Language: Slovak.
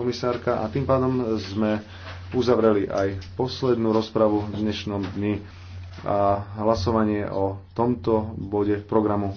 komisárka a tým pádom sme uzavreli aj poslednú rozpravu v dnešnom dni a hlasovanie o tomto bode programu